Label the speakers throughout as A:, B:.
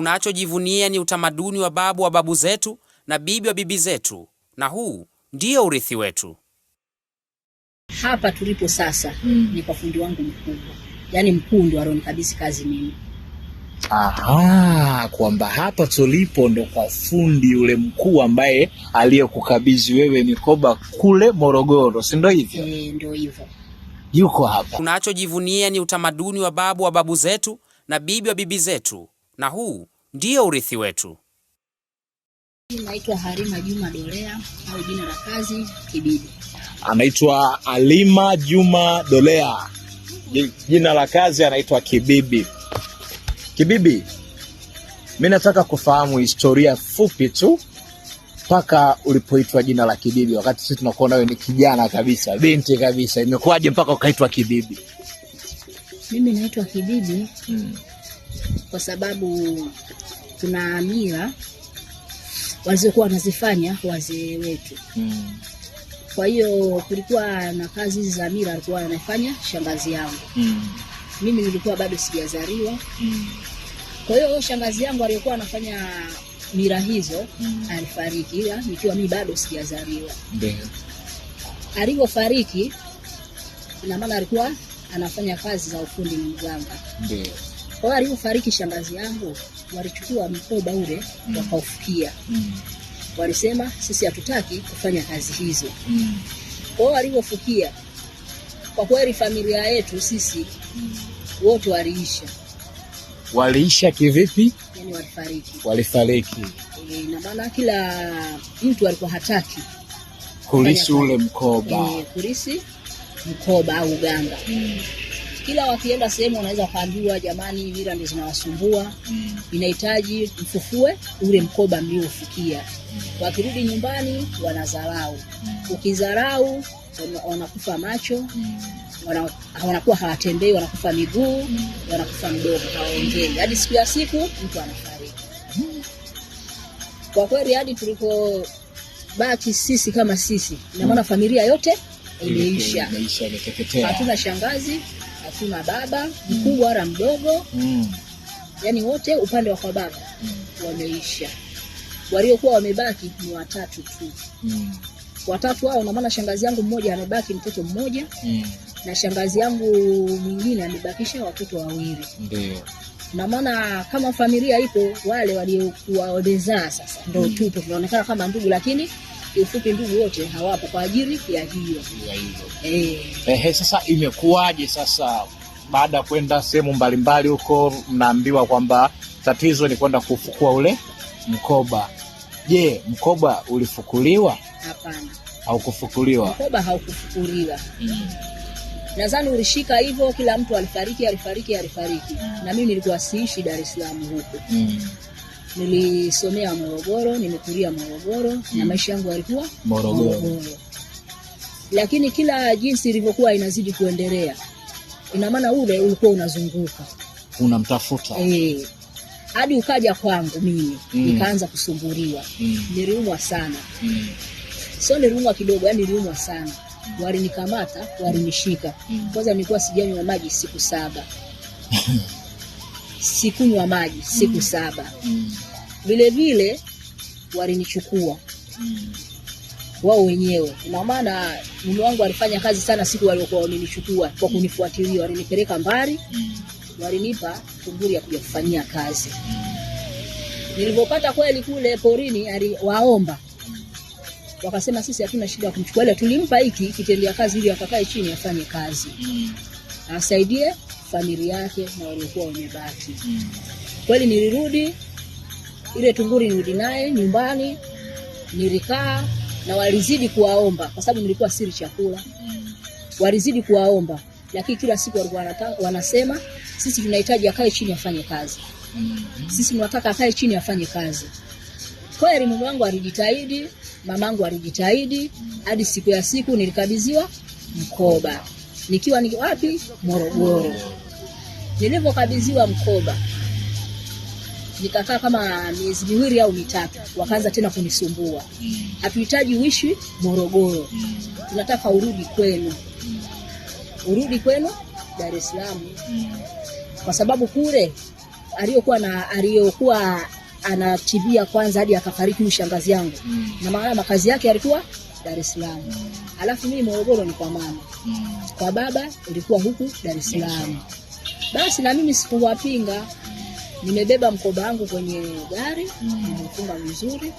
A: Tunachojivunia ni utamaduni wa babu wa babu zetu na bibi wa bibi zetu, na huu ndio urithi wetu.
B: Hapa tulipo sasa mm, ni kwa fundi wangu mkubwa, yaani mkuu ndio alionikabidhi kazi mimi.
C: Aha, kwamba hapa tulipo ndo kwa fundi yule mkuu ambaye aliyekukabidhi wewe mikoba kule Morogoro, si ndio hivyo?
B: E, ndio hivyo
C: yuko hapa.
A: Tunachojivunia ni utamaduni wa babu wa babu zetu na bibi wa bibi zetu, na huu ndio urithi wetu.
B: Naitwa Halima Juma Dolea au jina la kazi Kibidi.
C: Anaitwa Halima Juma Dolea, jina la kazi anaitwa Kibibi. Kibibi, mi nataka kufahamu historia fupi tu mpaka ulipoitwa jina la Kibibi, wakati sisi tunakuona wewe ni kijana kabisa, binti kabisa. Imekuwaje mpaka ukaitwa Kibibi?
B: Mimi naitwa Kibibi hmm kwa sababu tuna mila walizokuwa wanazifanya wazee wetu mm. Kwa hiyo kulikuwa na kazi hizi za mila alikuwa anafanya shangazi yangu mm. Mimi nilikuwa bado sijazaliwa mm. Kwa hiyo shangazi yangu aliyokuwa anafanya mila hizo mm. alifariki, ila nikiwa mimi bado sijazaliwa. Alivyofariki, ina maana alikuwa anafanya kazi za ufundi mganga. Ndio kwa hiyo alipofariki shangazi yangu, walichukua mkoba ule mm. wakaufukia mm. walisema sisi hatutaki kufanya kazi hizo mm. Kwa hiyo walivyofukia, kwa kweli familia yetu sisi mm. wote waliisha.
C: Waliisha kivipi?
B: Yani walifariki,
C: walifariki.
B: E, na maana kila mtu alikuwa hataki
C: kulisi ule mkoba e,
B: kulisi mkoba au uganga mm kila wakienda sehemu wanaweza kaambiwa, jamani, vira ndio zinawasumbua mm. inahitaji mfufue ule mkoba mliofikia mm. wakirudi nyumbani wanazarau mm. ukizarau wanakufa macho mm. wana, wanakuwa hawatembei, wanakufa miguu mm. wanakufa mdogo hawaongei hadi siku ya siku mtu anafariki mm. kwa kweli hadi tuliko baki sisi kama sisi, ina mm. familia yote imeisha, hatuna shangazi hatuna baba mkubwa wala mdogo mm. yaani wote upande wa kwa baba mm. wameisha waliokuwa wamebaki ni watatu tu mm. watatu hao namaana shangazi yangu mmoja amebaki mtoto mmoja mm. na shangazi yangu mwingine amebakisha watoto wawili namaana na maana kama familia ipo wale waliokuwa wamezaa sasa ndo mm. tupo tunaonekana kama ndugu lakini kiufupi ndugu wote hawapo kwa ajili ya hiyo
C: eh. Ehe, sasa imekuwaje sasa baada ya kwenda sehemu mbalimbali huko, mnaambiwa kwamba tatizo ni kwenda kufukua ule mkoba. Je, mkoba ulifukuliwa? Hapana, haukufukuliwa.
B: Mkoba haukufukuliwa. Mm. Nadhani ulishika hivyo, kila mtu alifariki, alifariki, alifariki. Mm. Na mimi nilikuwa siishi Dar es Salaam huko. Mm. Nilisomea Morogoro, nimekulia Morogoro mm. na hmm. maisha yangu yalikuwa
C: Morogoro,
B: lakini kila jinsi ilivyokuwa inazidi kuendelea, ina maana ule ulikuwa unazunguka
C: unamtafuta
B: eh, hadi ukaja kwangu mimi mm. nikaanza kusumbuliwa mm. niliumwa sana mm. sio niliumwa kidogo, yani niliumwa sana hmm. walinikamata walinishika. Hmm. Kwanza nilikuwa sijanywa maji siku saba sikunywa maji siku saba mm. Vile vile walinichukua wao wenyewe. Ina maana mume wangu alifanya kazi sana siku waliokuwa wamenichukua kwa kunifuatilia, walinipeleka mbali walinipa kunguri ya kuja kufanyia kazi nilivyopata nilipopata kweli kule porini aliwaomba wakasema sisi hatuna shida ya kumchukua, ile tulimpa hiki kitendea kazi ili akakae chini afanye kazi asaidie familia yake na waliokuwa wamebaki Kweli nilirudi ile tunguri nirudi naye nyumbani, nilikaa na walizidi kuwaomba, kwa sababu nilikuwa siri chakula, walizidi kuwaomba, lakini kila siku walikuwa wanasema sisi tunahitaji akae chini afanye kazi, sisi tunataka akae chini afanye kazi. Kweli mume wangu alijitahidi, mamangu alijitahidi, hadi siku ya siku nilikabidhiwa mkoba nikiwa ni wapi? Morogoro. Nilipokabidhiwa mkoba Nikakaa kama miezi miwili au mitatu, wakaanza tena kunisumbua, mm. hatuhitaji uishi Morogoro, mm. tunataka urudi kwenu, mm. urudi kwenu Dar es Salaam, kwa sababu kule aliyokuwa na aliyokuwa anatibia kwanza hadi akafariki huyu shangazi yangu mm. na maana makazi yake yalikuwa Dar es Salaam mm. alafu mimi Morogoro ni kwa mama mm. kwa baba ilikuwa huku Dar es Salaam. Basi na mimi sikuwapinga, nimebeba mkoba wangu kwenye gari nimefunga mm. vizuri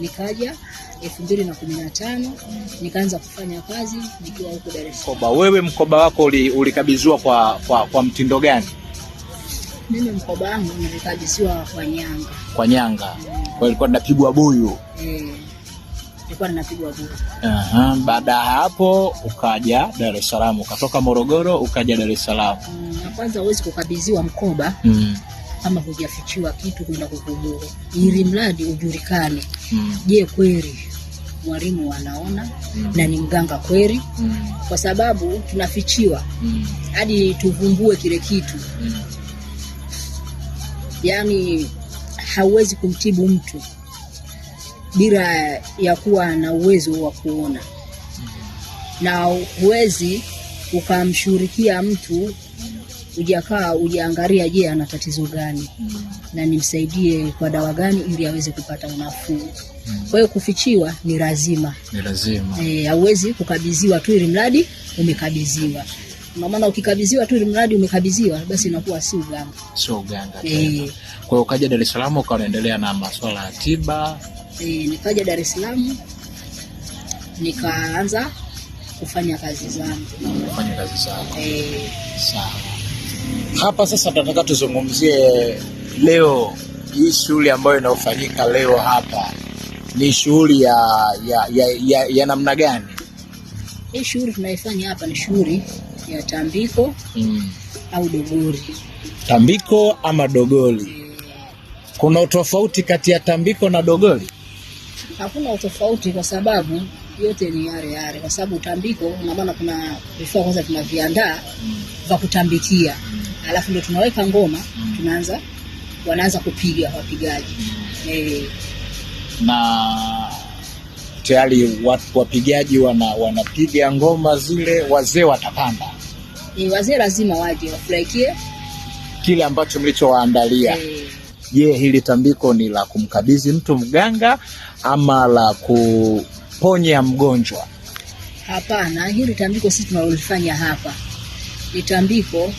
B: nikaja elfu mbili na kumi na tano mm. nikaanza kufanya kazi nikiwa huko Dar es
C: Salaam. wewe mkoba wako ulikabidhiwa kwa, kwa, kwa mtindo gani?
B: Mimi mkoba wangu nilikabidhiwa kwa Nyanga,
C: kwa Nyanga mm. kwa ilikuwa ninapigwa buyu mm.
B: ilikuwa ninapigwa buyu
C: uh-huh. Baada ya hapo ukaja Dar es Salaam, ukatoka Morogoro ukaja Dar es Salaam
B: mm. kwanza huwezi kukabidhiwa mkoba mm kama hujafichiwa kitu kwenda kukuburu, ili mradi ujulikane. mm. Je, kweli mwalimu wanaona mm. na ni mganga kweli? mm. kwa sababu tunafichiwa hadi mm. tuvumbue kile kitu mm. yaani hauwezi kumtibu mtu bila ya kuwa na uwezo wa kuona, na huwezi ukamshughulikia mtu ujakaa ujaangalia, je, ana tatizo gani mm. na nimsaidie kwa dawa gani ili aweze kupata unafuu mm. Kwa hiyo kufichiwa ni lazima,
C: ni lazima
B: eh, hauwezi kukabidhiwa tu ili mradi umekabidhiwa na maana ukikabidhiwa tu mradi umekabidhiwa, basi inakuwa si uganga,
C: sio uganga e. Kwa hiyo ukaja Dar es Salaam ukawa unaendelea na masuala ya tiba
B: e. Nikaja Dar es Salaam nikaanza kufanya kazi zangu,
C: kufanya kazi zangu e. sawa hapa sasa tunataka tuzungumzie leo hii shughuli ambayo inayofanyika leo hapa ni shughuli ya, ya, ya, ya, ya namna gani?
B: Hii shughuli tunaifanya hapa ni shughuli ya tambiko mm. au dogori.
C: Tambiko ama dogori, kuna utofauti kati ya tambiko na dogori?
B: Hakuna utofauti kwa sababu yote ni yale yale, kwa sababu tambiko, ina maana kuna vifaa kwanza tunaviandaa mm. vya kutambikia mm alafu ndio tunaweka ngoma mm. tunaanza wanaanza kupiga wapigaji mm. eh.
C: na tayari wapigaji wana, wanapiga ngoma zile, wazee watapanda
B: e, wazee lazima waje wafurahikie
C: kile ambacho mlichowaandalia. Eh. Je, e. hili tambiko ni la kumkabidhi mtu mganga ama la kuponya mgonjwa?
B: Hapana, hili tambiko sisi tunalolifanya hapa ni tambiko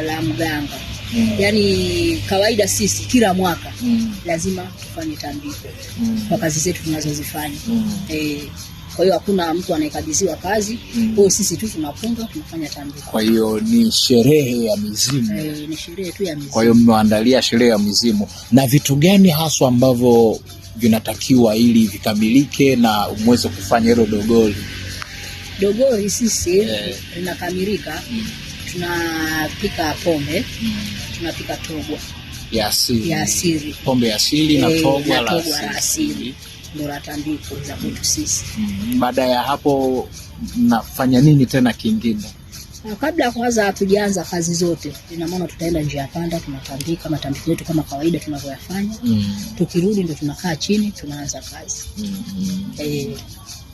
B: la mganga mm. Yaani kawaida sisi kila mwaka mm. lazima tufanye tambiko mm. kwa kazi zetu tunazozifanya mm. eh, kwa hiyo hakuna mtu anayekabidhiwa kazi mm. Kwa hiyo sisi tu tunafunga tunafanya tambiko.
C: Kwa hiyo ni sherehe ya mizimu
B: e, ni sherehe tu ya mizimu.
C: Kwa hiyo mnaandalia sherehe ya mizimu, na vitu gani haswa ambavyo vinatakiwa ili vikamilike na umweze kufanya hilo dogoli?
B: Dogoli sisi eh. linakamilika mm tunapika pombe mm. tunapika togwa ya asili, ya asili.
C: pombe ya asili na eh, togwa la
B: asili, ndo la za kwetu sisi
C: mm. baada ya hapo nafanya nini tena kingine
B: na kabla kwanza hatujaanza kazi zote, ina maana tutaenda njia panda, tunatandika matambiko yetu kama kawaida tunavyoyafanya mm. tukirudi ndo tunakaa chini tunaanza kazi mm.
C: e,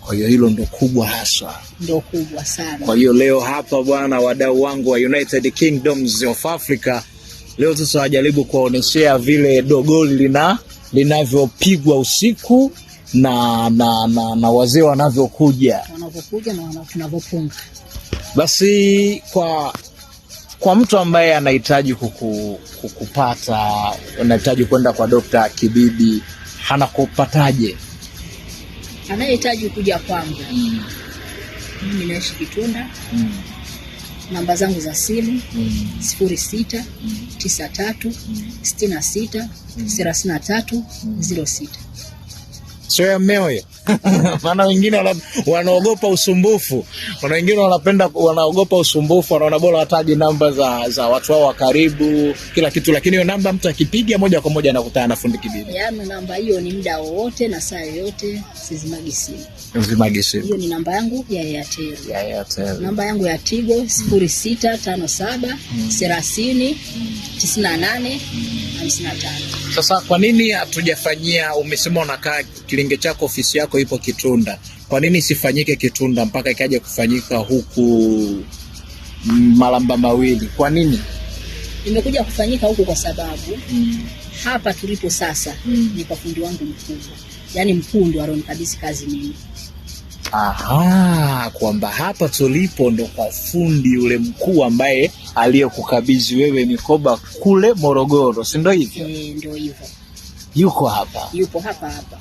C: kwa hiyo hilo ndo kubwa hasa,
B: ndo kubwa sana.
C: Kwa hiyo leo hapa bwana, wadau wangu wa United Kingdoms of Africa, leo sasa wajaribu kuwaoneshea vile dogoli lina linavyopigwa usiku na, na, na, na wazee wanavyokuja
B: wanavyokuja na wanavyopunga.
C: Basi kwa kwa mtu ambaye anahitaji kuku, kukupata anahitaji kwenda kwa Dokta Kibibi, anakupataje?
B: anayehitaji kuja kwangu mm. mimi naishi Kitunda mm. namba zangu za simu mm. sifuri sita mm. tisa tatu mm. sita mm. tatu ziro sita
C: sio ya mmeo maana wengine wanaogopa usumbufu, kuna wengine wanapenda wanaogopa usumbufu, wanaona bora wataji namba za, za watu wao wa karibu kila kitu, lakini hiyo namba mtu akipiga moja kwa moja anakutana na fundi kibibi.
B: Yaani namba hiyo ni muda wowote na saa yoyote, sizimagi simu,
C: sizimagi simu.
B: Hiyo ni namba yangu ya Airtel,
C: ya Airtel.
B: Namba yangu ya Tigo 0657 30 98 55.
C: Sasa kwa nini hatujafanyia? Umesema unakaa kilinge chako, ofisi yako ipo Kitunda, kwa nini sifanyike Kitunda mpaka ikaja kufanyika huku Malamba Mawili? Kwa nini
B: imekuja kufanyika huku? Kwa sababu mm. hapa tulipo sasa mm. ni kwa fundi wangu mkubwa, yaani mkuu aronikabisi alionikabidhi kazi mimi
C: Aha, kwamba hapa tulipo ndo kwa fundi yule mkuu ambaye aliyekukabidhi wewe mikoba kule Morogoro, si ndo hivyo? E, hivyo. Yuko hapa.
B: Yupo hapa hapa.